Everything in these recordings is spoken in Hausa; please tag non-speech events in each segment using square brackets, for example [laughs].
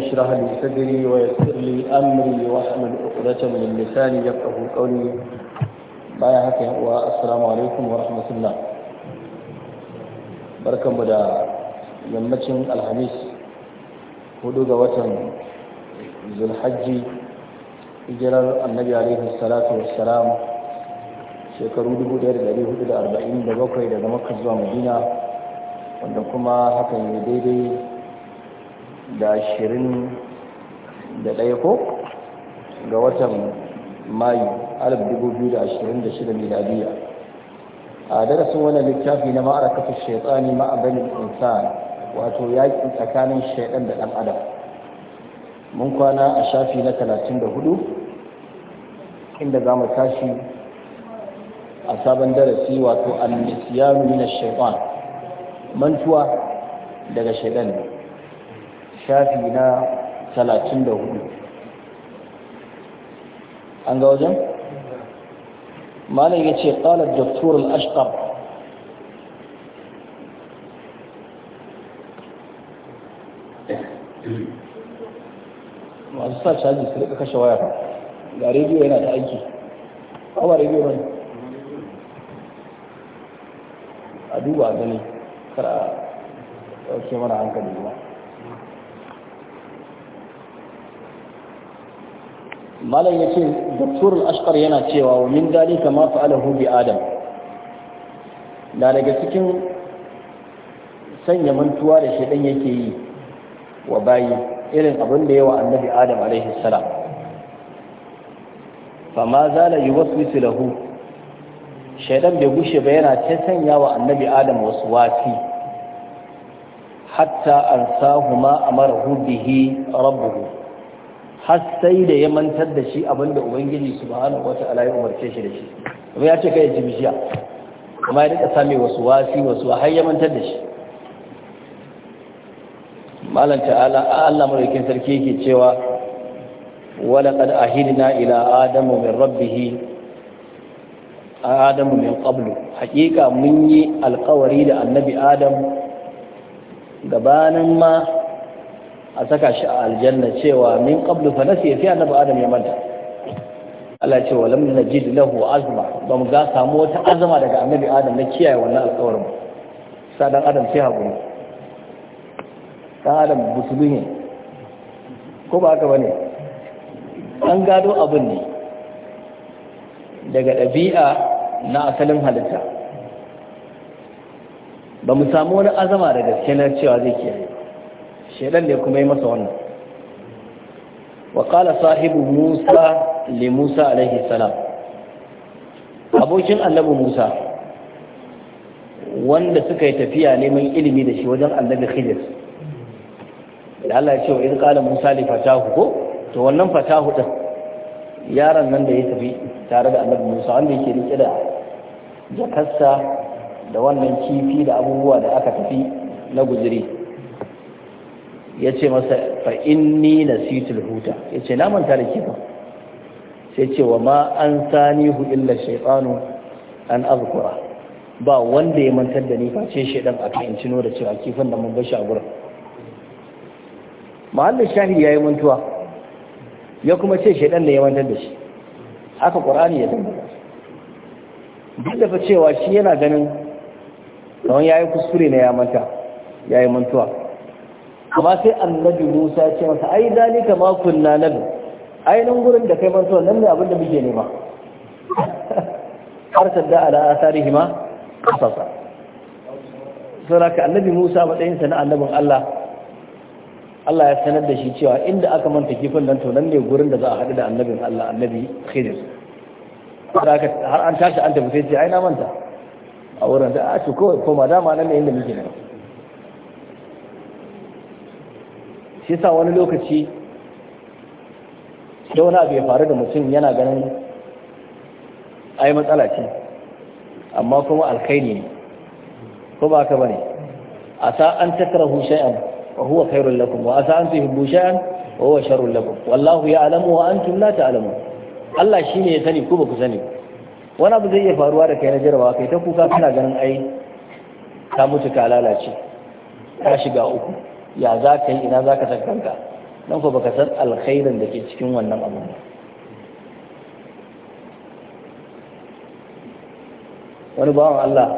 اشرح لي صدري ويسر لي امري واحمل عقدة من لساني يفقه قولي بايا هكا والسلام عليكم ورحمة الله بركة مدى يمتن الخميس hudu ga watan zulhajji hijirar annabi alaihi salatu wassalam shekaru 1447 daga makka zuwa madina wanda kuma hakan ne daidai da ashirin da ɗaya ko ga watan mayu alif dubu biyu da ashirin da shida miladiya a darasin wannan littafi na kafin shaitani ma'abanin insan wato yaƙi tsakanin shaidan da ɗan adam mun kwana a shafi na talatin da hudu inda za mu tashi a sabon darasi wato annisiyanu min ash-shaytan mantuwa daga shaidan shafi na talatin da hudu an ga wajen? malam ya ce ƙalar doktor al'ashkar masu sa caji su rika kashe waya ga rediyo yana ta aiki kawai rediyo ne a duba gani kara ɗauke mana hankali ba malam ya ce dr ashkar yana cewa wa min dalika ma fa'alahu bi adam na daga cikin sanya mantuwa da shaidan yake yi wa bayi irin abin da yawa annabi adam alaihi salam fa ma zala yuwaswisu lahu shaidan bai gushe ba yana ta sanya wa annabi adam wasu wasi hatta an sahu ma amarahu bihi rabbuhu har sai da ya mantar da shi abinda ubangiji subhanahu wata'ala ya umarce shi da shi kuma ya ce kai ji bishiya kuma ya rika same wasu wasi wasu har ya mantar da shi malam ta'ala Allah madaukakin sarki yake cewa a ahidna ila adama rabbihi a adamu min ƙablu hakika mun yi alkawari da annabi adam gabanin ma a saka shi a aljanna cewa min qablu fa nasiya fi annabi adam ya manta Allah ce lam najid lahu azma ba mu ga samu wata azama daga annabi adam na kiyaye wannan alƙawarin sa dan adam sai hakuri dan adam musulmi ko ba haka bane an gado abin ne daga ɗabi'a na asalin halitta ba mu samu wani azama da gaske na cewa zai kiyaye ba shedan ne kuma yi masa wannan Waƙala sahibu musa le musa alaihi salam abokin annabi musa wanda suka yi tafiya neman ilimi da shi wajen annabi khidir da Allah ya ce wa musa li fatahu ko to wannan fatahu din yaron nan da ya tafi tare da annabi musa wanda yake rike da jakarsa da wannan kifi da abubuwa da aka tafi na gujiri ya ce masa fa inni nasitul huta ya ce na manta da kifa sai ce wa ma an sanihu illa shaytanu an azukura ba wanda ya mantar da ni ce shaidan a kan cino da cewa kifan da mun bashi a gurin mahallin ya yi mantuwa ya kuma ce shaidan ne ya mantar da shi haka ƙorani ya zama duk da fa cewa shi yana ganin kawai yi kuskure na ya manta yi mantuwa amma sai annabi musa ya ce masa ai zalika ma kunna nabi ainihin gurin da kai mantuwa nan ne abin da muke nema [laughs] har sadda ala asarihi ma kasasa ka annabi musa matsayinsa na annabin allah Allah ya sanar da shi cewa inda aka manta kifin nan to nan ne gurin da za a haɗu da annabin Allah annabi Khidir har an tashi an tafi sai ce ai na manta a wurin da a ce kawai koma dama nan ne inda muke nema shi yasa wani lokaci da wani abu ya faru da mutum yana ganin ai matsala ce amma kuma alkhairi ne ko ba ka bane asa an takara hushayen wa huwa khairul lakum wa asa an tuhibbu hushayen wa huwa sharrul lakum wallahu ya'lamu wa antum la ta'lamun Allah shine ya sani ko ba ku sani wani abu zai iya faruwa da kai na jarabawa kai ta kuka kana ganin ai ka mutu ka lalace ka shiga uku ya za ka yi ina za ka san kanka don ko baka san alkhairin da ke cikin wannan abu wani bawan Allah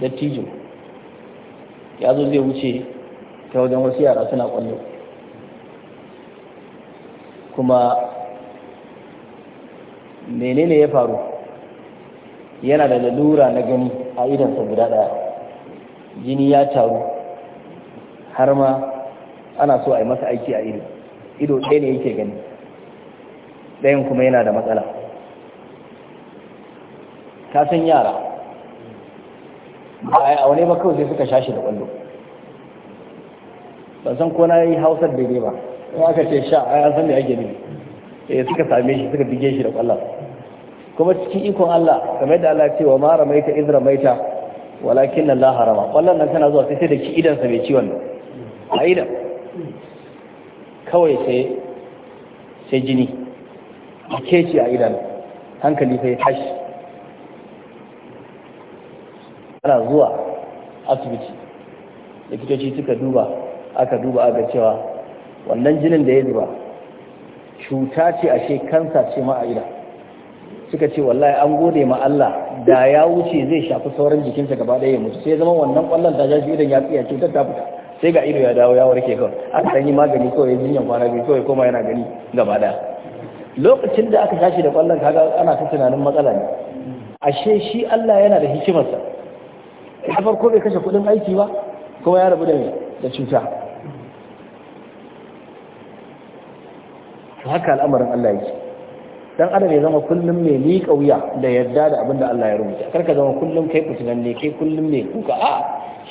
dattijo ya zo zai wuce ta wajen wasu yara suna kwallo kuma menene ya faru yana da lalura na gani a idansa guda daya jini ya taru har ma ana so a yi masa aiki a ido ido ɗaya ne yake gani ɗayan kuma yana da matsala ka san yara ba a yi aune ba kawai sai suka shashi da ƙwallo ban san ko na yi hausar daidai ba in aka ce sha a yan san da ake nufi eh suka same shi suka bige shi da ƙwallon kuma cikin ikon Allah kamar da Allah ce wa ma ramaita iz ramaita walakin Allah harama ƙwallon nan tana zuwa sai sai da ki idan sa mai ciwon nan Aida kawai sai sai jini a keci a idan hankali sai tashi ana zuwa asibiti likitoci suka duba aka duba aka cewa wannan jinin da ya zuba cuta ce ashe kansa ce ma a suka ce wallahi an gode ma Allah da ya wuce zai shafi sauran jikinsa gaba ɗaya mutu sai zama wannan ƙwallon ta shafi idan ya fiye cutar ta fita sai ga ido ya dawo ya warke kawai aka san yi magani kawai jinyan kwana biyu kawai koma yana gani gaba daya lokacin da aka tashi da kwallon kaga ana ta tunanin matsala ne ashe shi Allah yana da hikimarsa ta farko bai kashe kudin aiki ba kuma ya rabu da da cuta haka al'amarin Allah yake dan adam ya zama kullum mai miƙa wuya da yadda da abinda Allah ya rubuta kar ka zama kullum kai ne kai kullum mai kuka a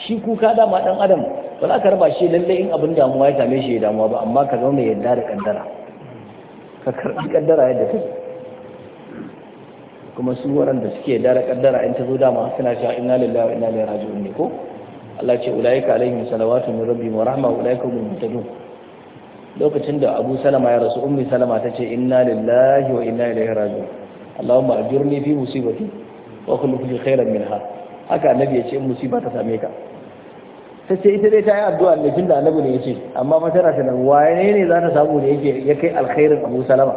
shi kuka dama dan adam ba za ka raba shi lalle in abin damuwa ya same shi ya damuwa ba amma ka zama mai yadda da kaddara ka karbi kaddara yadda take kuma su waɗanda suke da da kaddara in ta zo dama suna cewa inna lillahi wa inna ilaihi raji'un ne ko Allah ce ulaika alaihim salawatu min rabbihim wa rahma ulaika hum muhtadun lokacin da abu salama ya rasu ummi salama ta ce inna lillahi wa inna ilaihi raji'un allahumma ajurni fi musibati wa khulif fi khairan minha haka annabi ya ce in musiba ta same ka ta ce ita dai ta yi addu'a ne tunda annabi ne ya ce amma fa tana na waye ne za ta samu da yake ya kai alkhairin abu salama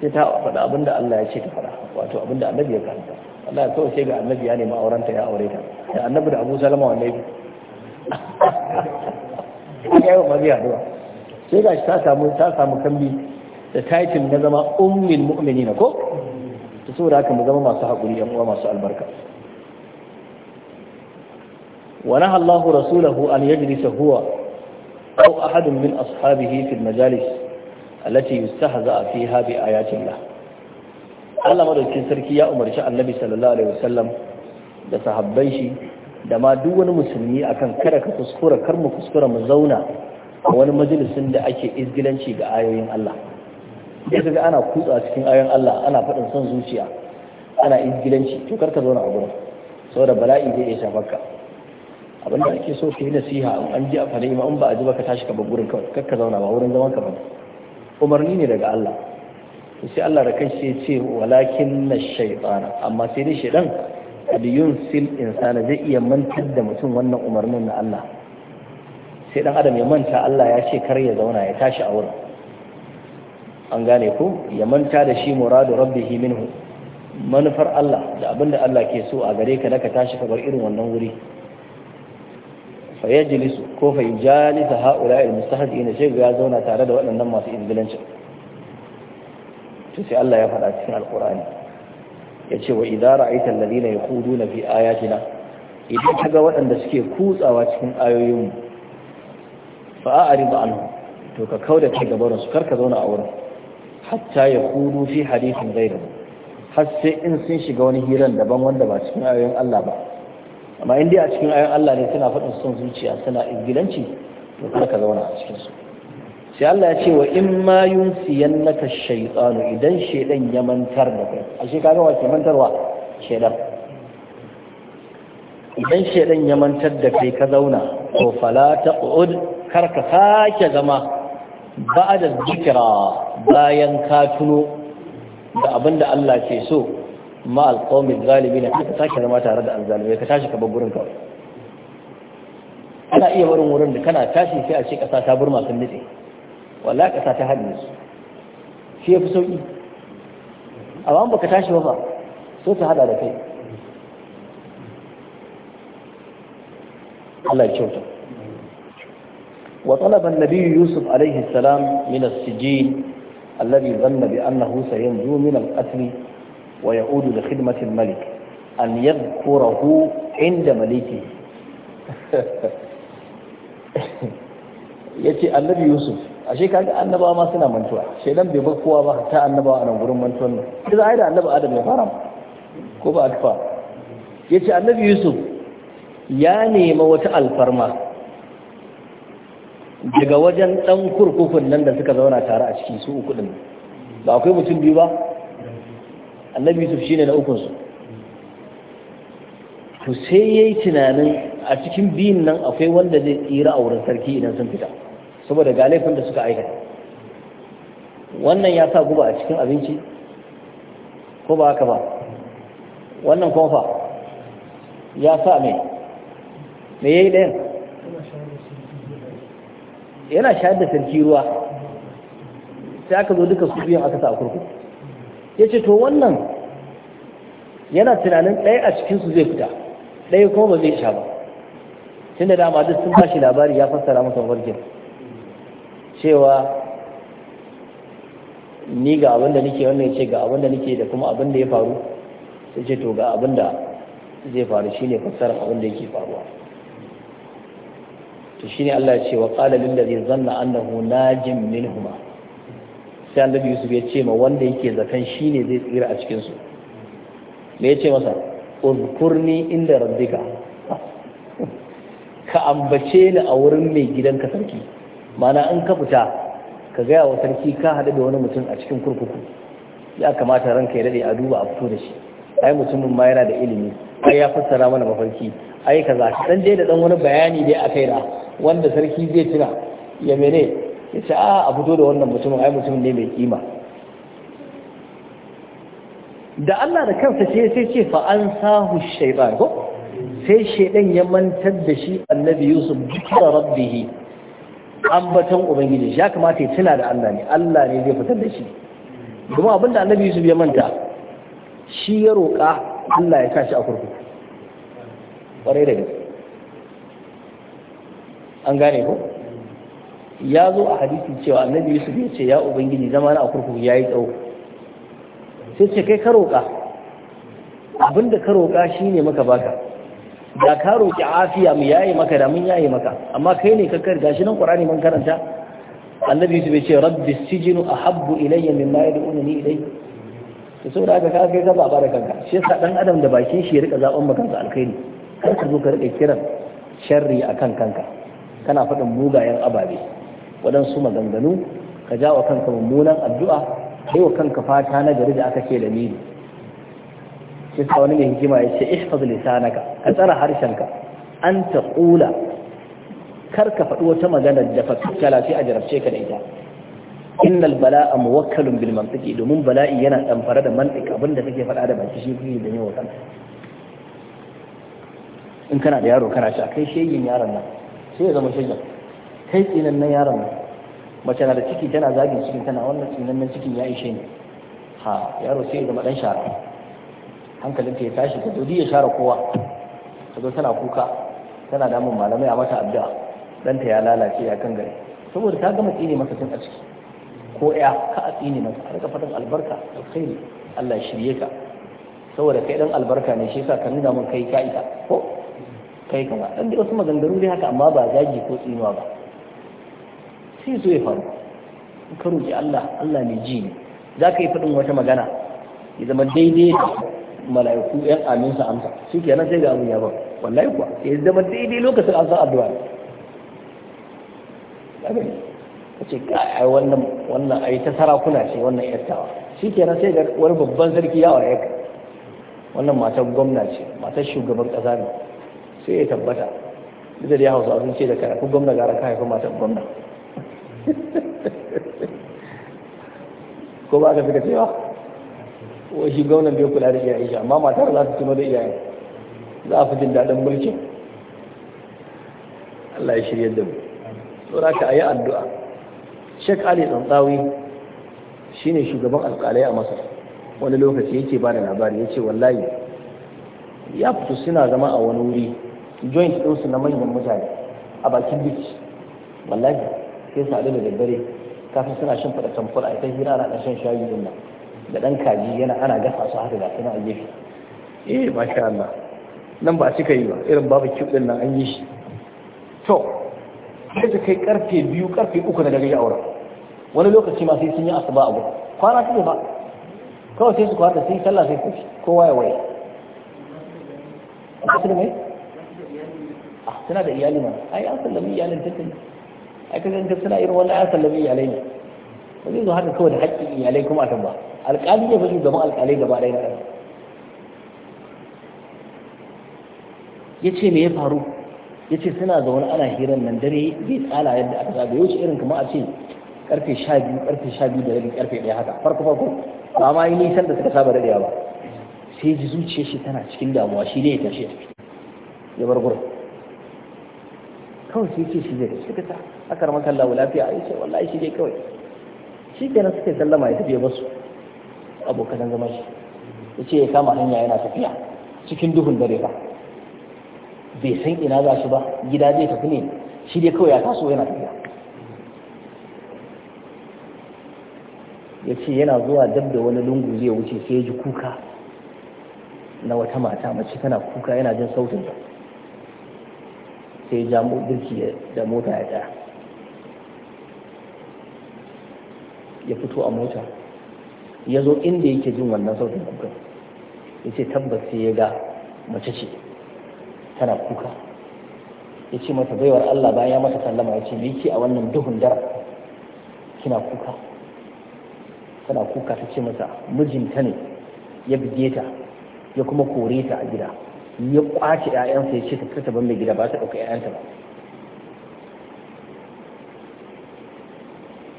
sai ta faɗa abinda Allah ya ce ta faɗa wato abinda annabi ya karanta Allah ya kawai sai ga annabi ya nemi aurenta ya aure ta da annabi da Abu Salama wanne ne [laughs] kaga ga ba zai haɗu ta samu ta samu kambi da titin na zama ummul na ko to da haka mu zama masu haƙuri yan uwa masu albarka wa naha Allah rasulahu an yajlisa huwa aw ahad min ashabihi fi majalis allati yustahza fiha bi ayatillah Allah madaukin sarki ya umarci Annabi sallallahu alaihi wasallam da sahabbai shi da ma duk wani musulmi akan kada ka kuskura kar mu kuskura mu zauna a wani majalisin da ake izgilanci ga ayoyin Allah ya ga ana kutsa cikin ayoyin Allah ana faɗin son zuciya ana izgilanci to kar ka zauna a gurin saboda bala'i zai iya shafar abin da ake so ka yi nasiha an ji a ima in ba a ji ba ka tashi ka bar gurin kawai kar ka zauna ba wurin zaman ka ba umarni ne daga Allah sai Allah da kai sai ce walakin na shaytana amma sai dai shaydan liyun sil insana zai iya mantar da mutum wannan umarnin na Allah sai dan adam ya manta Allah ya ce kar ya zauna ya tashi a wurin an gane ku ya manta da shi muradu rabbihi minhu manufar Allah da abinda Allah ke so a gare ka da ka tashi kabar irin wannan wuri fa yajlisu ko fa yajalisa haula al mustahdiina sai ya zauna tare da waɗannan masu ingilanci, to sai Allah ya faɗa cikin alqur'ani ya ce wa idara aita lalina ya kudu na fi ayatina idan ka ga waɗanda suke kutsawa cikin ayoyinmu fa'a'ari ba anhu to ka kau da kai gabarin su karka zauna a wurin hatta ya kudu fi hadisin gairu har sai in sun shiga wani hiran daban wanda ba cikin ayoyin Allah ba amma in dai a cikin ayoyin Allah ne suna faɗin son zuciya suna izgilanci to karka zauna a cikinsu sai Allah ya ce wa in ma yunsiyannaka shaytanu idan shaydan ya mantar da kai ashe kaga wa ke mantarwa shaydan idan shaydan ya mantar da kai ka zauna ko fala taqud karka sake zama ba'da zikra bayan ka tuno da abinda Allah ke so ma alqawmi zalimin ka sake zama tare da alzalimai ka tashi ka bar gurin kawai ana iya barin wurin da kana tashi sai a ce kasa ta burma sun nitse wallahi ƙasa ta haɗe su shi ya fi sauƙi amma ba ka tashi ba ba so ta hada da kai Allah ya kyauta wa talaba annabi yusuf alaihi salam min as-sijin alladhi dhanna bi annahu sayanzu min al-qatl wa ya'udu li khidmati al-malik an yadhkurahu inda maliki [laughs] yace annabi yusuf ashe kaga annabawa ma suna mantuwa dan bai bar kowa ba ta annabawa a nan gurin mantuwan nan sai ai da annabi adam ya fara ko ba alfa yace annabi yusuf ya nema wata alfarma daga wajen dan kurkukun nan da suka zauna tare a cikin su uku din ba akwai mutum biyu ba annabi yusuf shine na ukun su to sai yayi tunanin a cikin biyun nan akwai wanda zai tsira a wurin sarki idan sun fita saboda ga laifin da suka aikata wannan ya sa guba a cikin abinci ko ba haka ba wannan kofa ya sa mai me yayi ɗayan yana shayar da sarki ruwa sai aka zo duka su biyan aka sa a kurku ya ce to wannan yana tunanin ɗaya a cikinsu zai fita ɗaya kuma ba zai sha ba tun da dama duk sun ba shi labari ya fassara masa mafarkin cewa ni ga abin da nake wannan ce ga abin da nake da kuma abin da ya faru sai ce to ga abin da zai faru shine fassara abin da yake faruwa to shine Allah ya ce wa qala lil ladhi zanna annahu najim minhuma sai annabi Yusuf ya ce ma wanda yake zakan shine zai tsira a cikin su me yace masa uzkurni inda rabbika [laughs] ka ambace ni a wurin mai gidanka sarki mana in ka fita ka gaya wa sarki ka haɗu da wani mutum a cikin kurkuku ya kamata ranka ya daɗe a duba a fito da shi ai mutumin ma yana da ilimi ai ya fassara mana mafarki ai za dan dai da dan wani bayani dai akai da wanda sarki zai tuna ya mene ya ce a a fito da wannan mutumin ai mutumin ne mai kima da Allah da kansa ce sai ce fa an sahu shaytan ko sai shaydan ya mantar da shi annabi yusuf bi rabbihi ambaton ubangiji ya kamata ya tuna da Allah ne Allah ne zai fitar da shi kuma abin da annabi Yusuf ya manta shi ya roƙa Allah ya kashi a kurkuku ƙwarai da gaske an gane ko ya zo a hadisi cewa annabi Yusuf ya ce ya ubangiji zama na a kurkuku yayi tsawo sai ce kai ka roƙa abinda ka roƙa shine maka baka da ka roƙi afiya mu yaye maka da mun yaye maka amma kai ne ka karga shi nan qur'ani mun karanta annabi su bai ce rabbi sijinu ahabbu ilayya mimma yad'unani ilayhi to saboda da ka kai ka zaba da kanka shi sa dan adam da bakin shi ya rika zaban maka kanka alkhairi kar ka zo ka rika kiran sharri akan kanka kana faɗin mugayen ababe waɗansu maganganu ka jawo kanka mummunan addu'a kai wa kanka fata na gari da aka ke da ni shi sa wani mai hikima ya ce ihfaz lisanaka ka tsara harshenka an ta kula kar ka faɗi wata magana da fatakala sai a jarabce ka da ita innal bala'a muwakkalun bil mantiki domin bala'i yana damfara da mantiki abinda kake faɗa da baki shi kuke da yawa kan in kana da yaro kana sha kai shegin yaron nan sai ya zama shegin kai tsinan nan yaron nan mace na da ciki tana zagin cikin tana wannan tsinan nan cikin ya ishe ne ha yaro sai ya zama dan shara hankalinta ya tashi ta dodi ya share kowa ta zo tana kuka tana damun malamai a mata addu'a ɗanta ya lalace ya kan gare saboda ta gama tsine masa tun a ciki ko ya ka a tsine masa a rika fatan albarka alkhairi Allah shirye ka saboda kai dan albarka ne shi yasa ka nuna mun kai ka ita ko kai ba dan dai wasu maganganu dai haka amma ba zagi ko tsinuwa ba sai so ya faru in ka Allah Allah mai ji ne za ka yi faɗin wata magana ya zama daidai mala'iku yan amin sa amsa shi ke nan sai ga abin ya wallahi kuwa sai zama daidai lokacin an san addu'a abin ka ce ka ai wannan wannan ai ta sarakuna ce wannan yattawa shi ke nan sai ga wani babban sarki yawa ya ka wannan matar gwamna ce matar shugaban ƙasa ne sai ya tabbata duk da ya hausa sun ce da karafi gwamna gara ka haifi matar gwamna [laughs] ko ba ka fi ka cewa ko shi gwamnan bai kula da iyayen shi amma matar za ta tuno da iyayen za a fi jin daɗin mulkin Allah ya shirya da mu tsora ka ayi addu'a Sheikh Ali Tsantsawi shine shugaban alƙalai a Masar wani lokaci yake ba da labari yace wallahi ya fito suna zama a wani wuri joint ɗinsu na manyan mutane a bakin bici wallahi sai su haɗu da daddare kafin suna shan faɗa tamfol a ita hira na ƙarshen shan shayi din da ɗan kaji yana ana gasa su haka ga suna a gefe eh masha Allah nan ba a cika yi ba irin babu kiw din nan an yi shi to sai su kai karfe biyu karfe uku na dare ya aura wani lokaci ma sai sun yi asuba a gudu kwana su ba kawai sai su kwata sai sallah sai kuci kowa ya waye a kasar mai a ah, suna da iyali ma ai an sallami iyalin tattali ai kasance suna irin wannan an sallami iyalai ne ba zai zo haka kawai da haƙƙin iyalai kuma a ba alƙali ya fi gaban alƙalai gaba ɗaya na ya ce me ya faru ya ce suna zaune ana hirar nan dare zai tsala yadda aka zaɓe wuce irin kuma a ce Ƙarfe sha biyu ƙarfe sha biyu da rabin ƙarfe ɗaya haka farko farko ba ma yi nisan da suka saba daɗewa ba sai ji zuciya shi tana cikin damuwa shi ne ya tashi ya tafi ya bar gurin kawai sai ce shi zai da suka ta aka ramar kallawa lafiya a yi ce wallahi shi dai kawai shi kenan suke sallama ya tafiya ba basu abokan zama shi ya ce ya kama hanya yana tafiya cikin duhun dare ba bai san ina za shi ba gida zai tafi ne shi dai kawai ya taso yana tafiya ya ce yana zuwa dab da wani lungu zai wuce sai ya ji kuka na wata mata mace tana kuka yana jin sautin sai ya ja da mota ya tsaya ya fito a mota ya zo inda yake jin wannan sautin kuka ya ce tabbas sai ya ga mace ce tana kuka ya ce mata baiwar Allah bayan ya mata sallama ya ce me yake a wannan duhun dara kina kuka tana kuka ta ce masa mijinta ne ya bige ta ya kuma kore ta a gida ya kwace 'ya'yansa ya ce ta fita ban mai gida ba ta ɗauka 'ya'yanta ba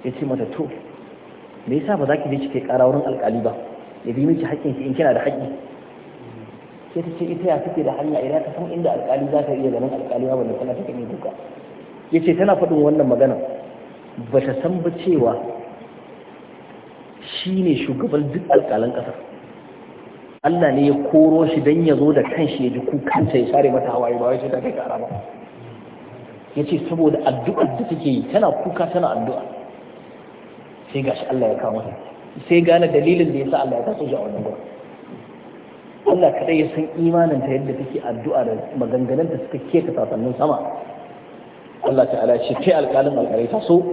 ya ce mata to me yasa ba za ki je ki kara ƙara wurin alƙali ba ya bi miki haƙƙin ki in kina da haƙƙi sai ta ce ita ya take da hanya idan ka san inda alƙali za ta iya ganin alƙali ba wanda tana take duka ya ce tana faɗin wannan magana ba ta san ba cewa shi ne shugaban duk alƙalan ƙasar Allah ne ya koro shi don ya zo da kanshi ya ji kukanta ya share mata hawaye ba wai sai ta kai ƙara ba ya ce saboda addu'ar da take yi tana kuka tana addu'a sai gashi Allah ya kawo mata, sai gane dalilin da ya sa Allah ya taso shi a wannan gurin Allah kadai ya san imanin ta yadda take addu'a da maganganun ta suka keta sasannin sama Allah ta'ala ce kai alƙalin alƙarai ta so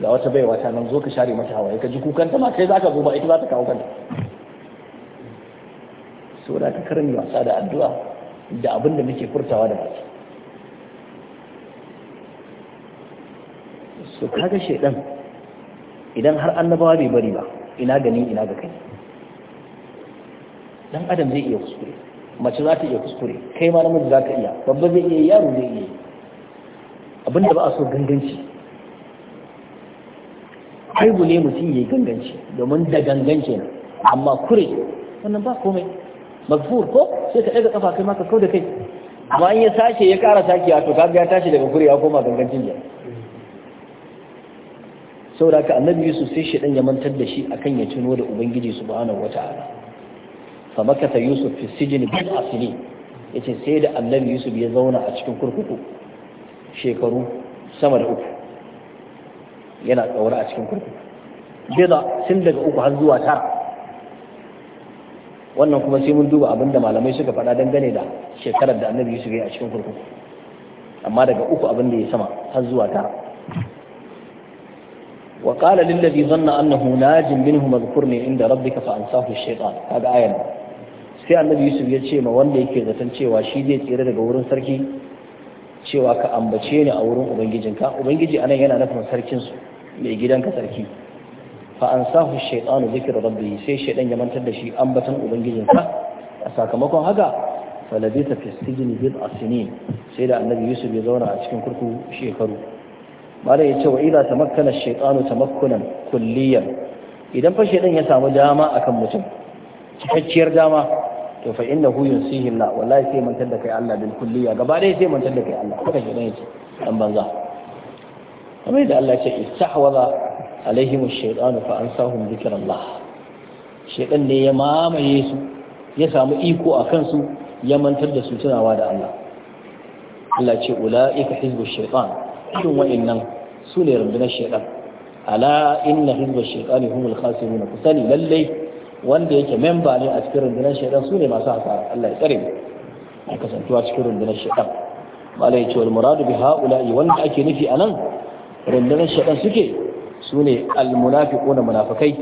ga wata baiwa ta nan zo ka share mata hawaye ka ji kukan ta ma kai zaka zo ba ita za ta kawo kanta so da ka karmi wasa da addu'a da abin da muke furtawa da baki so kaga shedan idan har annabawa bai bari ba ina gani ina ga kai dan adam zai iya kuskure mace za ta iya kuskure kai ma namiji za ka iya babba zai iya yaro zai iya abinda ba a so ganganci aibu ne mutum ya yi ganganci domin da ganganci na, amma kure wannan ba komai magfur ko sai ka ɗaga kafa kai ma ka kau da kai amma in ya sashe ya ƙara sakiya to kaga ya tashi daga kure ya koma gangancin jiya saboda haka annabi yusuf sai shi ya mantar da shi akan ya tuno da ubangiji subhanahu wata'ala fa makata yusuf fi sijni bil asli yace sai da annabi yusuf ya zauna a cikin kurkuku shekaru sama da uku yana tsawar a cikin kurkuku bida sun daga uku har zuwa tara wannan kuma sai mun duba abinda malamai suka faɗa dangane da shekarar da annabi yusuf ya yi a cikin kurkuku amma daga uku abinda ya sama har zuwa tara وقال للذي ظن أنه ناج منهم اذكرني عند ربك فأنساه الشيطان هذا آية sai annabi yusuf ya ce ma wanda yake zaton cewa shi zai tsere daga wurin sarki cewa ka ambace ni a wurin ubangijinka ubangiji anan yana nufin sarkin mai gidanka sarki fa an sahu shaitanu zikir rabbi sai shaitan ya mantar da shi ambatan ubangijinka a sakamakon haka falabita fi sijin bid asinin sai da annabi yusuf ya zauna a cikin kurkuku shekaru mara ya ce wa idza tamakkana ta tamakkunan kulliyan idan fashe shaytan ya samu dama akan mutum cikakkiyar dama to fa innahu yunsihi Allah wallahi sai mantar da kai Allah bil kulliya gaba dai sai mantar da kai Allah haka shaytan yake dan banza kamar da Allah ya ce istahwaza alaihim ash-shaytanu fa ansahum dhikrallah shaytan ne ya mamaye su ya samu iko a kansu ya mantar da su tunawa da Allah Allah ya ce ula'ika hizbu shaitan irin wa'annan su ne rundunar shaiɗan? ala inna hizba shaitani humul khasirun ku sani lalle wanda yake memba ne a cikin rundunar shaitan su ne masu hasara Allah ya tsare mu kasantuwa cikin rundunar shaitan malai ce wal muradu bi haula'i wanda ake nufi anan rundunar shaitan suke su ne al munafiquna munafikai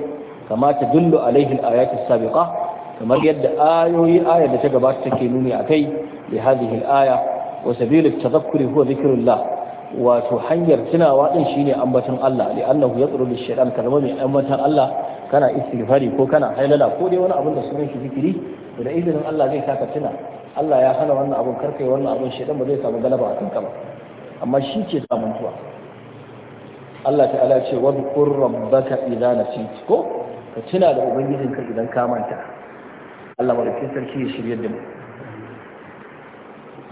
kama ta dullu alaihi al ayatu sabiqa kamar yadda ayoyi ayar da ta gabata take nuni akai li hadhihi al aya wa sabilu tadhakkuri huwa dhikrullah wato hanyar tunawa din shine ambaton Allah li annahu yaqrubu shaytan kalma mai ambaton Allah kana istighfari ko kana hailala ko dai wani abin da sunan shi zikiri da izinin Allah zai saka tuna Allah ya hana wannan abin karkai wannan abin shaytan ba zai samu galaba a kanka ba amma shi ce samun Allah ta'ala ce wadkur rabbaka idza nasit ko ka tuna da ubangijinka idan ka manta Allah madaukakin sarki ya shirye da mu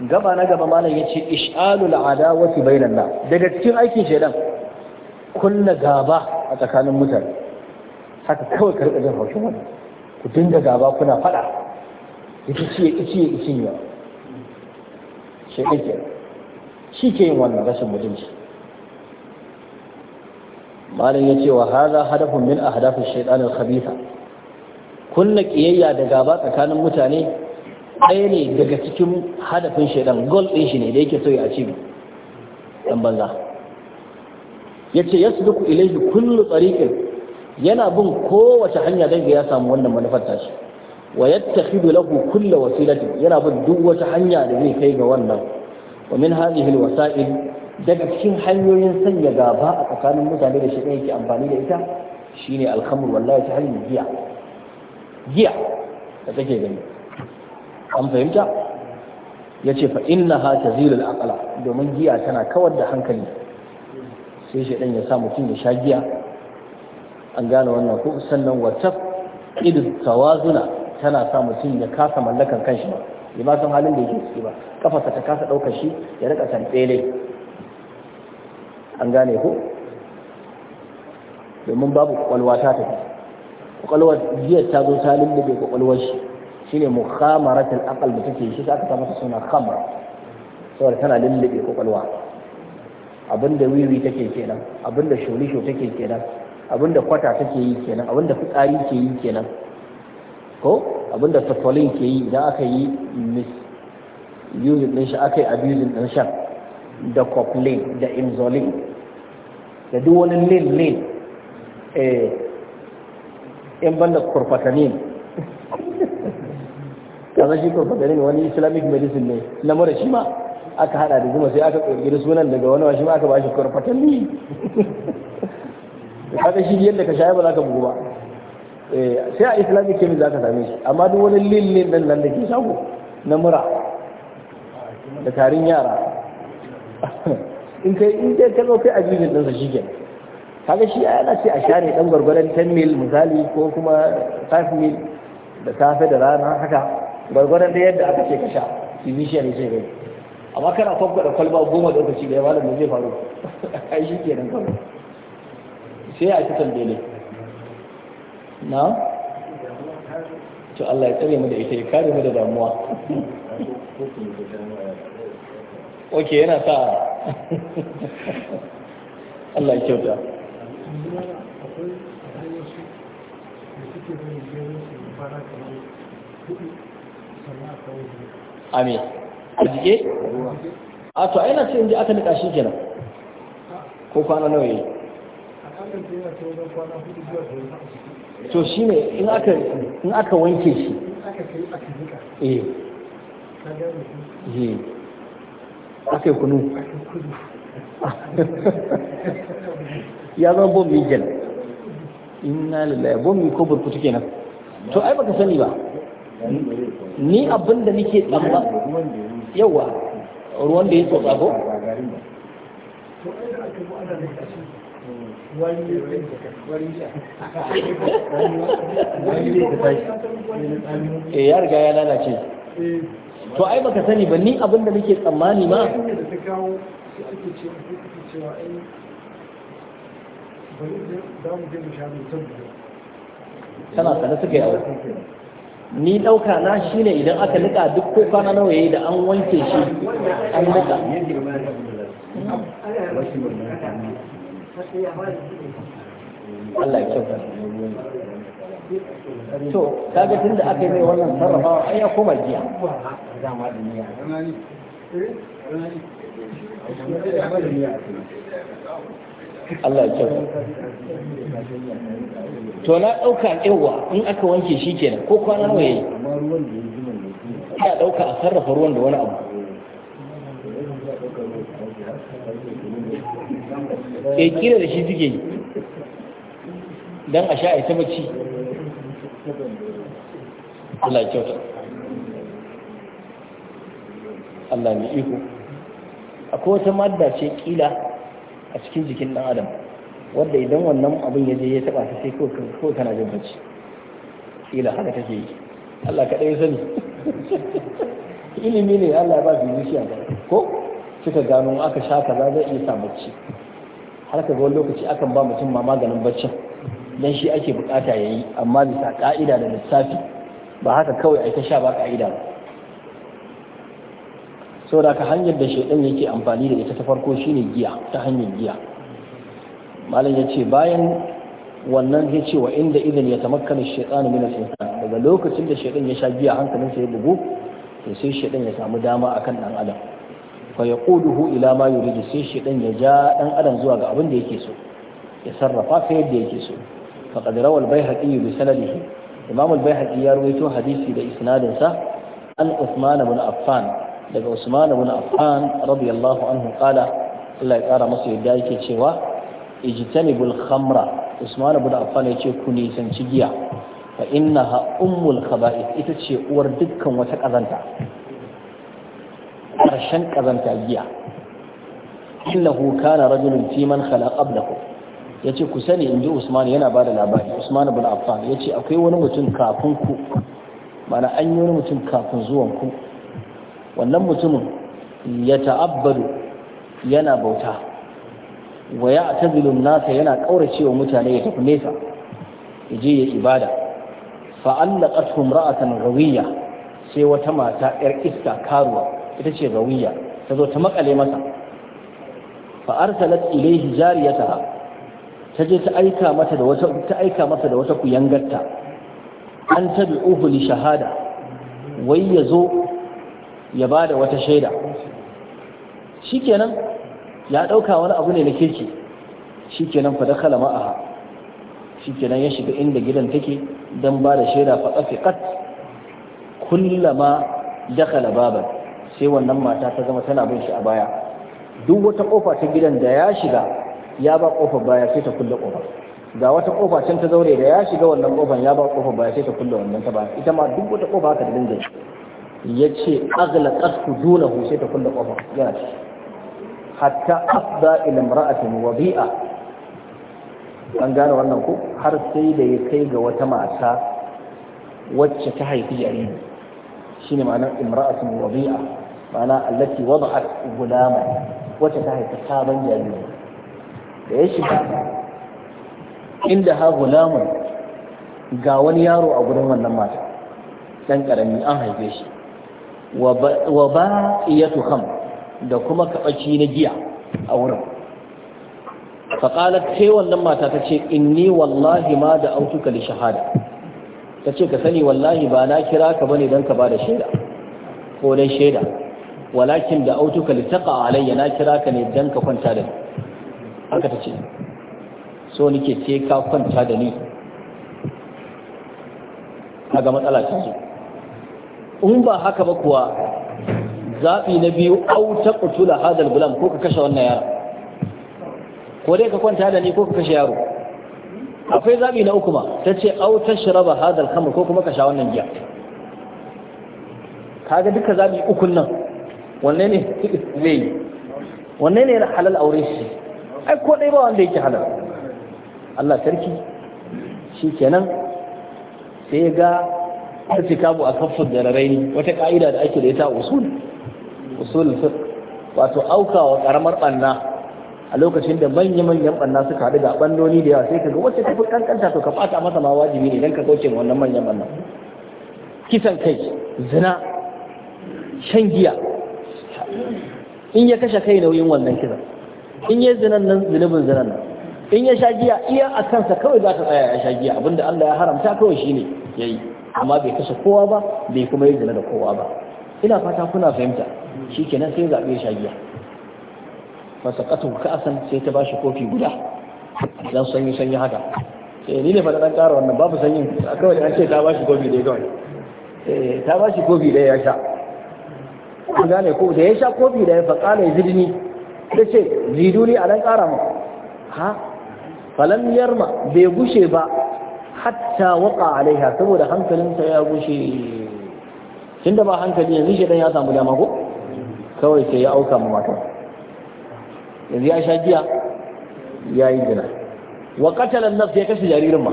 gaba na gaba malam ya ce yace ish'alul adawati bainan nas daga cikin aikin shaidan. kunna gaba a tsakanin mutane haka kawai karɓar jin haushin wani ku dinga gaba kuna faɗa ya ci ciye ici ciye ici ya shi ɗake shi ke yin wannan rashin mutunci malam ya ce wa haza hadafun min a hadafin shaidanin Khabisa. kunna ƙiyayya da gaba tsakanin mutane ɗaya ne daga cikin hadafin shaidan gol ɗin shi ne da yake so ya ci ɗan banza ya ce ya duk ilaihi kullu tsariƙin yana bin kowace hanya don ya samu wannan manufar tashi wa yattakhidu lahu kulla wasilati yana bin duk wata hanya da zai kai ga wannan wa min hadhihi alwasa'il daga cikin hanyoyin sanya gaba a tsakanin mutane da shaidan yake amfani da ita shine alhamdulillah wallahi ta hanyar giya giya da take gani an fahimta ya ce fa inna ha ta zilul aqala domin giya tana kawar da hankali sai shi ɗan ya sa mutum ya sha giya an gane wannan ko sannan wata idin tawazuna tana sa mutum ya kasa mallakan kanshi ba ya ba san halin da yake ciki ba kafarsa ta kasa ɗaukar shi ya rika tsere. an gane ko domin babu kwakwalwa ta tafi kwakwalwar giyar ta zo ta lullube kwakwalwar shi shine mukhamaratul aqal da take shi aka samu suna khamra saboda tana lullube kwakwalwa abinda wiwi take kenan abinda shulisho take kenan abinda kwata take yi kenan abinda fitsari ke yi kenan ko abinda fatolin ke yi idan aka yi mis using din shi aka yi abusing din shan da coplain da inzolin, da duk wani lin lin eh in banda kurfatanin [laughs] kaza shi farfagari ne wani islamic medicine ne na mara shi ma aka hada da zuma sai aka kirkiri sunan daga wani shi ma aka bashi ni [laughs] kaga shi yadda ka shaye ba za ka bugu ba eh, sai a islamic chemist za ka same shi amma duk wani lillin nan nan da ke shago na mura da tarin yara [laughs] in kai in kai ka zo kai a jirgin ɗinsa shi ke kaga shi yana ce a share ɗan gwargwaron 10 mil misali ko kuma 5 mil da safe da rana haka gwargwadon da yadda aka ce ka sha bishiyar ya sai bai amma kana da kwalba goma lokaci da ya malam da zai faru [laughs] ai shi kenan kawai sai a kitan dole na to Allah ya tsare mu da ita ya kare mu da damuwa [laughs] ok yana sa [laughs] Allah ya kyauta Thank you. ame a jike a to aina ce inji aka nika shi kenan ko kwana nawa yi to shi ne in aka wanke shi eh. Eh. aka yi kunu [laughs] ya zama bombi gina inna lullaya bombi ko burkutu kenan to ai baka sani ba ni abin da nake tsamba yawa ruwan da ya so tsago eh, ya riga ya lalace to ai baka sani ba ni abin da nake tsammani ma tana sana suka yi a wasu. ni ɗauka na shine idan aka nika duk ko kwana nawa yayi da an wanke shi an nika Allah ya kyauta to kaga tunda aka yi wannan sarrafawa ai ya koma jiya dama da Allah ya kyau to na ɗauka yawa in aka wanke shi kenan ko kwana nawa yi. ya ɗauka a sarrafa ruwan da wani abu ya eh, kira da shi suke yi don a sha a ta mace Allah ya kyau. Allah mai iko akwai wata madda ce kila a cikin jikin ɗan adam wadda idan wannan abin ya je ya taɓa ta sai ko kana jin bacci ila haka take yi Allah ka ɗaya sani [laughs] ilimi ne Allah ya ba bilishiya ba ko suka gano aka sha kaza zai iya sa bacci har ka ga lokaci akan ba mutum ma maganin baccin dan shi ake bukata yayi amma bisa ka'ida da lissafi ba haka kawai ai ta sha ba ka'ida ba da ka hanyar da shaidan yake amfani da ita ta farko shine giya ta hanyar giya malam ya ce bayan wannan ya ce wa inda idan ya tamakkana shaidan min al daga lokacin da shaidan ya sha giya hankalinsa ya bugu to sai shaidan ya samu dama akan dan adam fa yaquduhu ila ma yuridu sai shaidan ya ja dan adam zuwa ga abin da yake so ya sarrafa ta yadda yake so faqad rawal bayhaqi bi sanadihi imam al-bayhaqi ya rawaito hadisi da isnadin sa an Uthman ibn Affan daga Usman ibn Affan radiyallahu anhu qala Allah ya kara masa yadda yake cewa ijtanibul khamra Usman ibn Affan yace ku nisanci giya fa innaha ummul khaba'ith ita ce uwar dukkan wata kazanta karshen kazanta giya innahu kana rajulun fi man khala qablahu yace ku sani inji Usman yana bada labari Usman ibn Affan yace akwai wani mutum kafin ku mana an yi wani mutum kafin zuwan ku wannan mutumin ya ta'abbadu yana bauta wa ya tazilun nasa yana kauracewa mutane ya tafi nesa ya je ya ibada fa'allaqathum ra'atan gawiyya sai wata mata yar iska karuwa ita ce gawiyya ta zo ta makale masa fa arsalat ilayhi jariyataha ta je ta aika mata da wata ta aika masa da wata kuyangarta an tabi'uhu li shahada wai ya zo ya ba da wata shaida shikenan ya ɗauka wani abu ne na kirki shikenan fa da dakhala ma'aha shikenan ya shiga inda gidan take don ba da shaida fa qafiqat kullama dakhala baban sai wannan mata ta zama tana bin shi a baya duk wata kofa ta gidan da ya shiga ya ba kofar baya sai ta kulle kofar ga wata kofa can ta zaure da ya shiga wannan kofar ya ba kofar baya sai ta kulle wannan ta baya. ita ma duk wata kofa ka da dinga ya ce agla ƙasku dunahu sai ta kulle ƙofa yana ce hatta afda ilimra'atin wabi'a an gane wannan ko har sai da ya kai ga wata mata wacce ta haifi jariri shine ma'anar imra'atin wabi'a ma'ana allaki allati wada'at gulama wacce ta haifi sabon jariri da ya shiga inda ha gulamun ga wani yaro a gurin wannan mata dan karami an haife shi wa ba iyatu ham da kuma kaɓaci na giya a wurin faƙalar sai wannan mata ta ce inni wallahi ma da autuka li shahada ta ce ka sani wallahi ba na kira ka bane don ka ba da shaida ko don shaida walakin da autuka li taqa alayya na kira ka ne don ka kwanta da ni haka ta ce so nike ce ka kwanta da ni kaga matsala ta ce. in ba haka ba kuwa zaɓi na biyu Auta, ta hadal gulam ko ka kashe wannan yaro ko dai ka kwanta da ni ko ka kashe yaro akwai zaɓi na uku ma ta ce Auta, ta shiraba hadal kamar ko kuma ka sha wannan giya kaga duka zaɓi ukun nan wanne ne [laughs] zai yi wanne ne halal aure shi ai ko dai ba wanda yake halal Allah sarki shi kenan sai ga a kafin da dararaini wata ka'ida da ake da ita usul usul wato aukawa karamar banna a lokacin da manya-manyan banna suka haɗu da bandoni da yawa sai ka ga wacce ta fi kankanta to ka fata masa ma wajibi ne don ka kauce wannan manyan banna kisan kai zina shan giya in ya kashe kai nauyin wannan kisan in ya zinan nan zunubin zinan nan in ya sha giya iya a kansa kawai za ta tsaya ya sha giya abinda Allah ya haramta kawai shine yayi amma bai kashe kowa ba bai kuma yi zina da kowa ba ina fata kuna fahimta Shi kenan sai zaɓe shagiya fasaqatu ka'san sai ta bashi kofi guda don sanyi sanyi haka sai eh, ni ne fa dan ƙara wannan babu sanyin kawai an ce ta bashi kofi ɗaya kawai eh, ta bashi kofi ɗaya ya sha ku gane ko da ya sha kofi da ya faƙala ya zidni ta ce ne a dan ƙara ma. ha falam yarma bai gushe ba hatta waka alaiha saboda hankalinsa ya gushe tun da ba hankali yanzu shi ya samu dama ko kawai sai ya auka ma matan yanzu ya sha giya ya yi gina wa katalan nafs ya kashe jaririn ma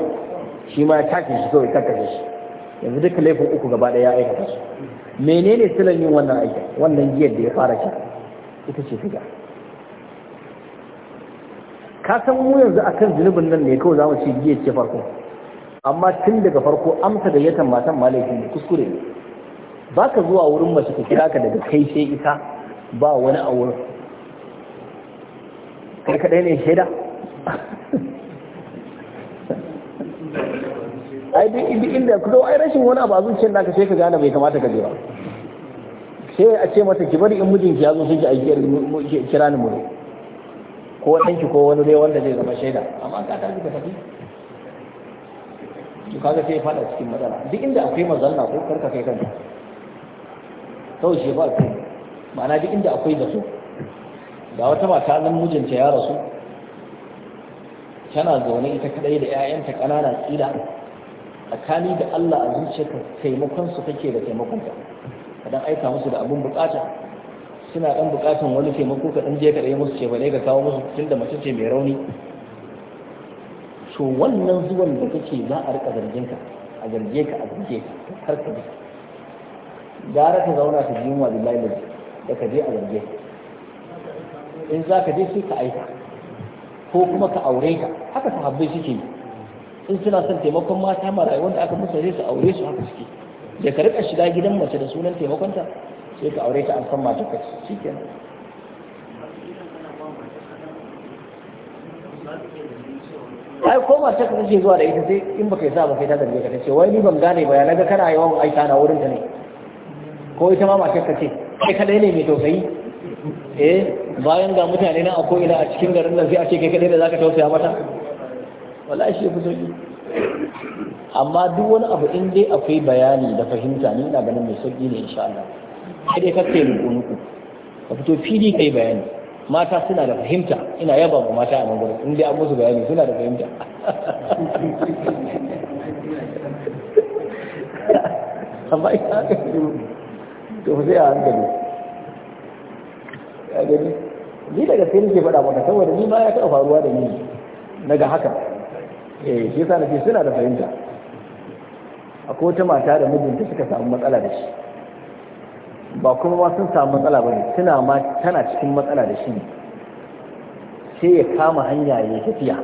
shi ma ya kashe shi kawai ta kashe shi yanzu duka laifin uku gaba daya ya aikata su menene silan yin wannan aiki wannan giyar da ya fara shi? ita ce siga ka san mu yanzu akan zunubin nan ne kawai za mu ce giyar ce farko amma tun daga farko amsa da yatan matan malaki ne kuskure ne ba ka zuwa wurin mace ka kira ka daga kai sai ita ba wani a wurin kai kaɗai ne shaida [laughs] ai duk inda ku zo ai rashin wani abu a zuciyar naka sai ka gane bai kamata ka je ba sai a ce mata ki bari in mijinki ya zo sai ki aiki kira ni mu ko ɗanki ko wani dai wanda zai zama shaida amma ka tafi ka tafi to kaga sai ya fada cikin matsala duk inda akwai mazalla ko karka kai kanka to shi ba kai ma'ana duk inda akwai da su ga wata mata nan mijinta ya rasu tana zaune ita kadai da 'ya'yanta kanana tsira tsakani da Allah a zuciyarka taimakon su kake da taimakon ka kadan aika musu da abun bukata suna dan bukatan wani taimako ka dan je ka dai musu ce dai ka kawo musu tunda mace ce mai rauni to wannan zuwan da kake za a rika zargin ka a zarge ka a zarge ka har ka gara ka zauna ka ji yunwa billahi da ka je a zarge in za ka je sai ka aika ko kuma ka aure ka haka ta Habbai suke yi in suna son taimakon mata marayu wanda aka musu sai su aure su haka suke da ka rika shiga gidan mace da sunan taimakonta sai ka aure ta an san mata ka kenan ai ko ba ta kace zuwa da ita sai in baka sa ba ta zarge ka ce wai ni ban gane ba ya naga kana yawan aika na wurin ta ne ko ita ma ma ta kace kai kadai ne mai tausayi eh bayan ga mutane nan a ko ina a cikin garin nan sai a ce kai kadai da zaka tausaya mata wallahi shi ku zoji amma duk wani abu in dai akwai bayani da fahimta ni ina ganin mai sauki ne insha Allah sai dai kake ku ka fito fili kai bayani mata suna da fahimta ina yaba ma mata a nan gurin in dai an musu bayani suna da fahimta [laughs] amma ina ga to sai a hankali ya gani ni daga sai nake faɗa mata saboda ni ma ya taɓa faruwa da ni daga haka eh shi yasa nake suna da fahimta akwai wata mata da mijinta suka samu matsala da shi ba kuma ma sun samu matsala ba ne suna ma tana cikin matsala da shi sai ya kama hanya ya tafiya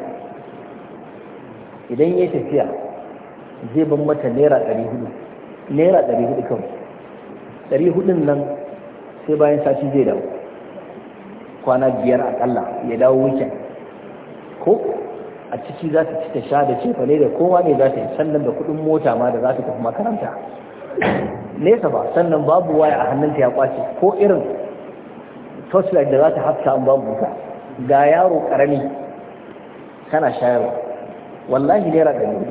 idan ya tafiya zai ban mata naira ɗari hudu naira ɗari hudu kawai ɗari hudun nan sai bayan sati zai dawo kwana biyar akalla ya dawo wikin ko a ciki za ta ci ta sha da cefane da kowa ne za ta yi sannan da kuɗin mota ma da za ta tafi makaranta nesa ba sannan babu waya a hannunta ya kwace ko irin torchlight da za ta hafta an babu ta ga yaro karami kana shayarwa wallahi naira ɗari ne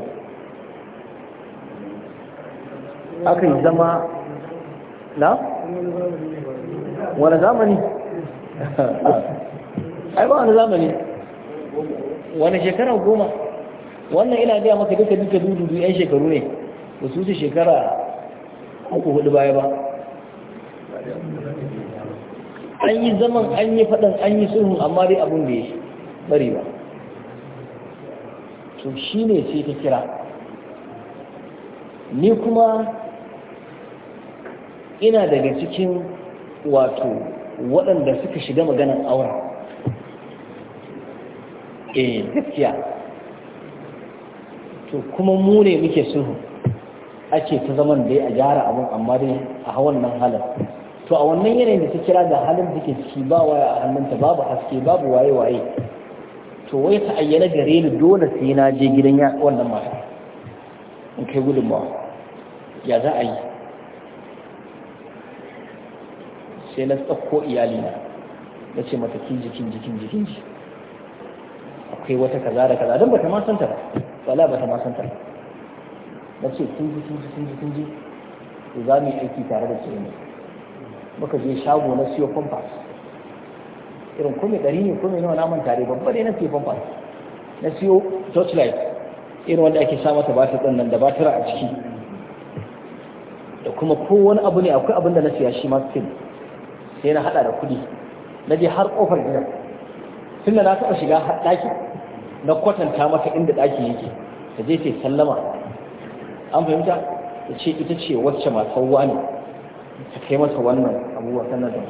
aka yi zama na wani zamani [laughs] ai ba wani zamani wani shekara goma wannan ina biya maka duka duka dudu yan shekaru ne ba su shekara uku hudu baya ba an yi zaman an yi faɗin an yi sulhun amma dai abun da ya bari ba to shi ne sai ta kira ni kuma ina daga cikin wato waɗanda suka shiga maganan aura eh gaskiya to kuma mu ne muke sulhu ake ta zaman da ya gyara abin amma dai a hawan nan halin to a wannan yanayin da ta kira da halin da ke ciki ba waya a hannunta babu haske babu waye waye to wai ta ayyana gare ni dole sai na je gidan ya wannan mata in kai gudun ba. ya za a yi sai na tsakko iyalina na ce mata kin jikin jikin jikin ji akwai wata kaza da kaza don ba ta ma santa ba wala ba ta ma santa ba na ce kun ji kun ji kun ji kun ji to za mu yi aiki tare da su ne muka je shago na siyo pampas irin kome ɗari ne kome nawa manta ne babba dai na siyo pampas na siyo torchlight irin wanda ake sa mata ba ta nan da batira a ciki da kuma kowane abu ne akwai abin da na siya shi ma still sai na hada da kuɗi na je har kofar gidan tun da na taɓa shiga ɗaki na kwatanta mata inda ɗaki yake ta je sai sallama an fahimta ya ce ita ce wacce matar ne ta kai masa wannan abubuwa sannan da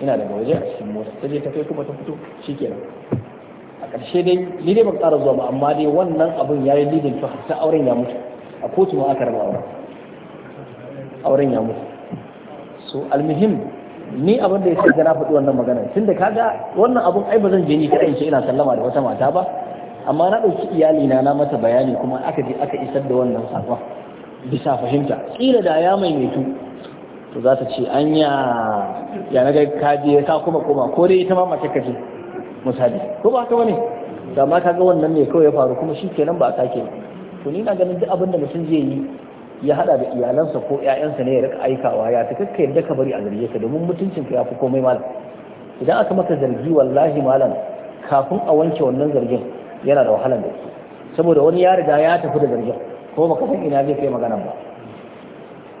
ina daga waje a cikin motsa ta je ta kai kuma ta fito shikenan a ƙarshe dai ni dai ban ƙara zuwa ba amma dai wannan abin ya yi lidin to har ta auren ya mutu a kotu ma aka raba auren auren ya mutu so almuhim ni abin da ya sai na faɗi wannan magana tunda kaga wannan abin ai ba zan je ni kaɗai ce ina sallama da wata mata ba amma na ɗauki iyali na na mata bayani kuma aka je aka isar da wannan sakon bisa fahimta kila da ya maimaitu to za ta ce anya ya na gai kaje ka kuma koma ko dai ita ma mace kaje misali ko ba wani da ma ka ga wannan ne kawai ya faru kuma shi kenan ba a sake ba to ni na ganin duk abinda mutum zai yi ya hada da iyalansa ko ƴaƴansa ne ya rika aikawa ya ta kakka yadda ka bari a zarge ka domin mutuncin ka fi komai malam idan aka maka zargi wallahi malam kafin a wanke wannan zargin yana da wahalan da su saboda wani ya riga ya tafi da zargin ko baka san ina zai kai magana ba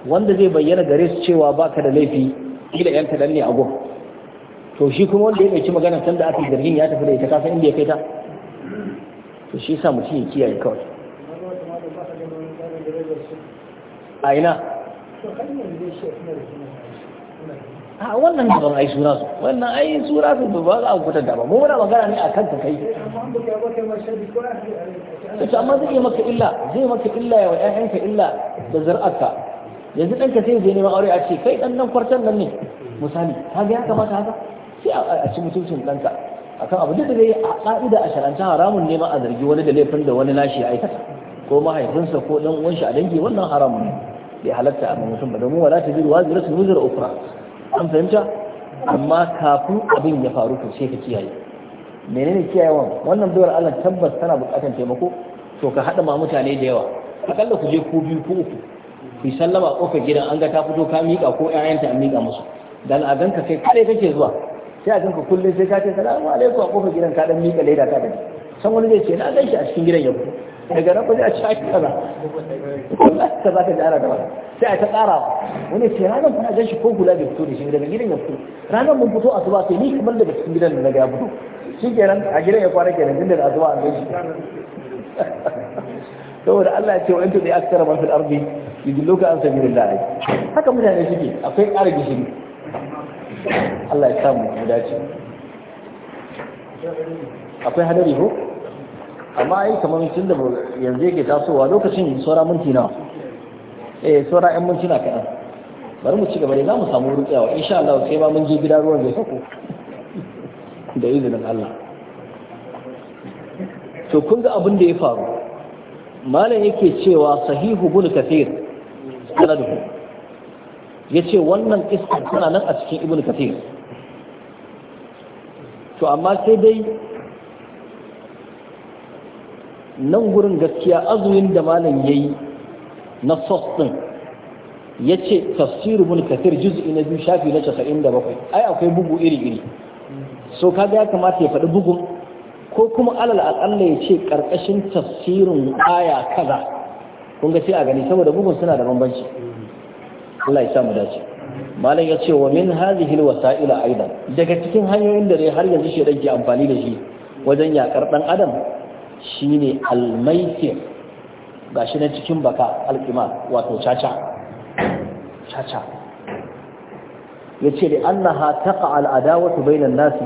wanda zai bayyana gare su cewa baka da laifi kila yan ta danne a go to shi kuma wanda ya dauki magana da aka zargin ya tafi da ita kasan inda ya kai ta to shi sa mutum ya kiyaye kawai a ina a wannan daban ai sura su wannan ai sura su ba za a kwatanta ba mu muna magana ne a kanka kai kace amma zai yi maka illa zai maka illa ya wa ƴaƴanka illa da zar'arka yanzu ka sai zai neman aure a ce kai ɗan nan kwartan nan ne misali ka ga ya kamata haka sai a ci mutuncin ɗanka akan abu duk da zai a ƙa'ida a sharanta haramun nema a zargi wani da laifin da wani nashi ya aikata ko mahaifinsa ko ɗan shi a dangi wannan haramun ne bai halatta a mutum ba mu wala ta zira wazira su wuzira ukra an fahimta amma kafin abin ya faru to sai ka kiyaye menene kiyayewan wannan baiwar Allah tabbas tana buƙatar taimako to ka haɗa ma mutane da yawa akalla ku je ku biyu ku uku ku sallama kofar gidan an ga ta fito ka miƙa ko ƴaƴanta an miƙa musu dan a ganka kai kare kake zuwa sai a ganka kullum sai ka ce salamu alaikum a kofar gidan ka dan miƙa leda ka dan san wani zai ce na gaishe a cikin gidan ya fito daga nan kuma shi ake kaza wallahi ta za ta ji ana gaba sai a ta tsarawa wani ce ranar kuma gan shi ko hula da fito da shi daga gidan ya fito ranar mun fito a zuba sai ni kamar daga cikin gidan da na gaya fito shi kenan a gidan ya kwana kenan tun da a zuba a gan shi saboda Allah ya ce wa in tudi aksara man arzi, ardi lokacin an sabilillah haka mutane suke akwai ƙara gishiri Allah ya samu mu dace akwai hadari ko amma ai kamar tun da yanzu yake tasowa lokacin saura minti nawa eh saura yan na kaɗan bari mu ci gaba dai za mu samu wurin tsayawa insha Allah sai ba mun je gida ruwan zai sako [laughs] da izinin Allah to kun ga abin da ya faru malam yake cewa sahihu bul kathir sanaduhu yace wannan iska tana nan a cikin ibnu kafir. to amma sai dai nan gurin gaskiya azumin da malam ya yi na sos din ce tafsiru mun kafir juz'i na biyu shafi na casa'in 97 ai akwai bugu iri iri so kaga ya kamata ya faɗi bugun ko kuma alal aƙalla ya ce ƙarƙashin tafsirin aya kaza kun ga sai a gani saboda bugun suna da bambanci Allah ya samu dace malam ya ce wa min hadhihi alwasa'ila aidan daga cikin hanyoyin da dai har yanzu shi ke amfani da shi wajen yakar ɗan adam shine almaitir gashi na cikin baka alkima wato caca caca yace da annaha al'ada al'adawatu bainan nasi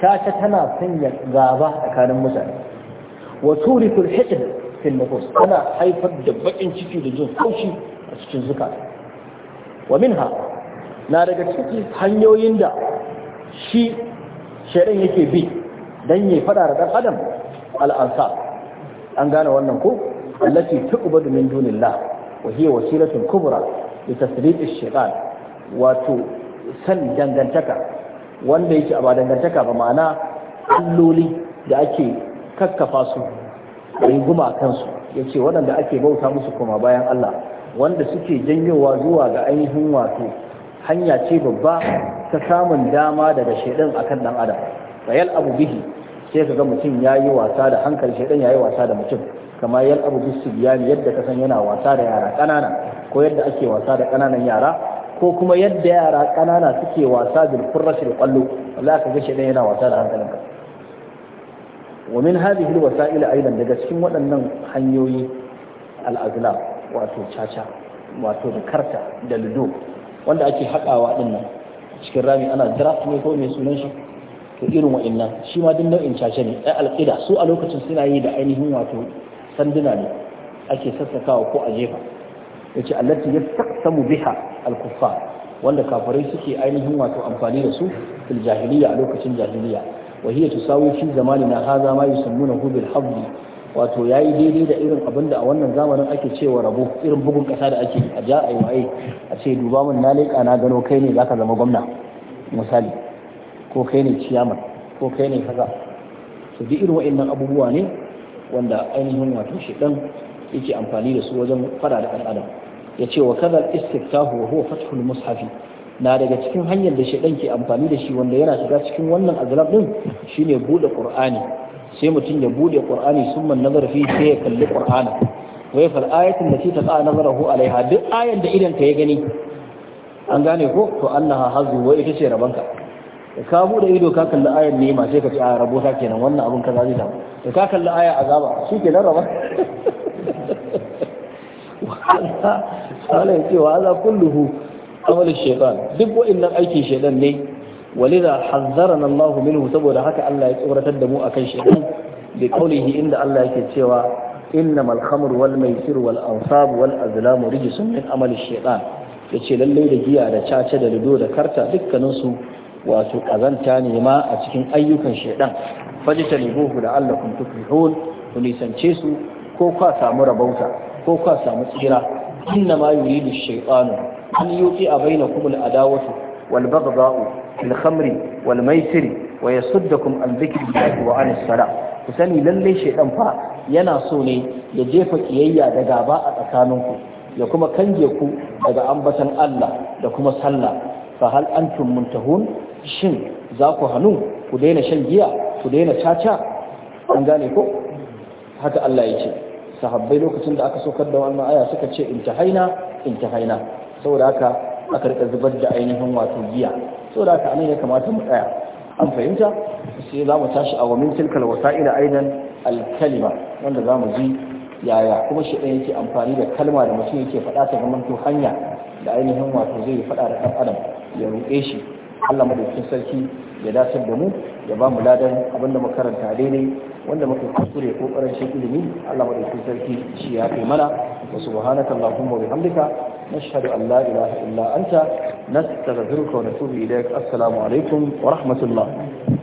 caca tana sanya gaba tsakanin mutane Wasu turiku alhiqd fi tana haifar da bakin ciki da jin haushi a cikin zuka wa minha na daga ciki hanyoyin da shi shaidan yake bi dan ya fada da ɗan adam al an gane wannan ko allati tuqbadu min dunillah wa hiya wasilatun kubra li tasrid ash-shaytan wato san dangantaka wanda yake a ba dangantaka ba ma'ana alloli da ake kakkafa su da gumakansu yace waɗanda ake bauta musu kuma bayan Allah wanda suke janyowa zuwa ga ainihin wato hanya ce babba ta samun dama daga shaidan akan dan adam fayal abu bihi sai ka ga mutum ya yi wasa da hankali shaidan ya yi wasa da mutum kamar yan abu bisibiyani yadda ka san yana wasa da yara ƙanana ko yadda ake wasa da ƙananan yara ko kuma yadda yara ƙanana suke wasa bil furrashi da kwallo Allah ka ga shaidan yana wasa da hankalinka wa min hadhihi al wasa'il aidan daga cikin waɗannan hanyoyi al wato caca wato da karta da ludo wanda ake haƙawa dinnan cikin rami ana draft ne ko mai sunan shi to irin wa'annan shi ma nau'in caca ne ai alƙida su a lokacin suna yi da ainihin wato sanduna ne ake sassakawa ko a jefa yace allati yastaqsamu biha al wanda kafirai suke ainihin wato amfani da su fil jahiliya a lokacin jahiliya wa hiya tusawi zamani na haza ma yusammunahu bil hadd wato yayi daidai da irin abin da a wannan zamanin ake cewa rabo irin bugun kasa da ake a ja a yi a ce duba mun na leƙa na gano kai ne zaka zama gwamna misali ko kai ne ciyaman ko kai ne kaza su duk irin wa'annan abubuwa ne wanda ainihin wato dan yake amfani da su wajen fara da al'ada. ya ce wa kaza istiftahu wa huwa fathul mushafi na daga cikin hanyar da shedan ke amfani da shi wanda yana shiga cikin wannan azlab din shine bude qur'ani sai mutum ya bude qur'ani summa nazar fi sai ya kalli qur'ana wa yafal ayatin lati taqa nazarahu alaiha duk ayan da idan ka ya gani an gane ko to annaha hazu wa ita ce rabanka da ka bude ido ka kalli ayar nema sai ka ce a ta kenan wannan abin kaza zai samu da ka kalli a azaba shi ke nan raba [laughs] wala ya ce wa ala kulluhu amal shaytan duk wa'annan aikin shaytan ne walidha hazzarana Allah minhu saboda haka Allah ya tsoratar da mu akan shaytan bi qawlihi inda Allah yake cewa innamal khamru wal maisir wal ansab wal azlam rijsun min amali shaytan yace lallai da giya da caca da lido da karta dukkanin su wato kazanta ne ma a cikin ayyukan shaidan fajtalibuhu la'allakum tuflihun ku nisance su ko kwa samu rabauta ko kwa samu tsira inna ma yuridu shaytanu an baina bainakum al-adawatu wal baghdha'u fil khamri wal maisiri wa yasuddakum an dhikrillahi wa anis salah ku sani lalle shaidan fa yana so ne ya jefa kiyayya da gaba a tsakaninku ya kuma kange ku daga ambatan Allah da kuma sallah fa hal antum muntahun shin za ku hannu ku daina shan giya ku daina caca an gane ko haka Allah ya ce sahabbai lokacin da aka sokar da wannan aya suka ce in intahaina intahaina saboda haka aka rika zubar da ainihin wato giya saboda haka anan ya kamata mu tsaya an fahimta sai za mu tashi a wamin tilkal wasa'ila aidan al-kalima wanda za mu ji yaya kuma shi ɗaya yake amfani da kalma da mutum yake faɗa ta zamanto hanya da ainihin wato zai faɗa da ɗan adam ya ruɗe shi Allah madaukin sarki ya dasar da mu ya ba mu ladan abin da makaranta daidai wanda muka kuskure ko karancin ilimi Allah madaukakin sarki shi ya kai mana wa subhanaka allahumma wa bihamdika nashhadu an la ilaha illa anta nastaghfiruka wa natubu ilaik assalamu alaikum wa rahmatullah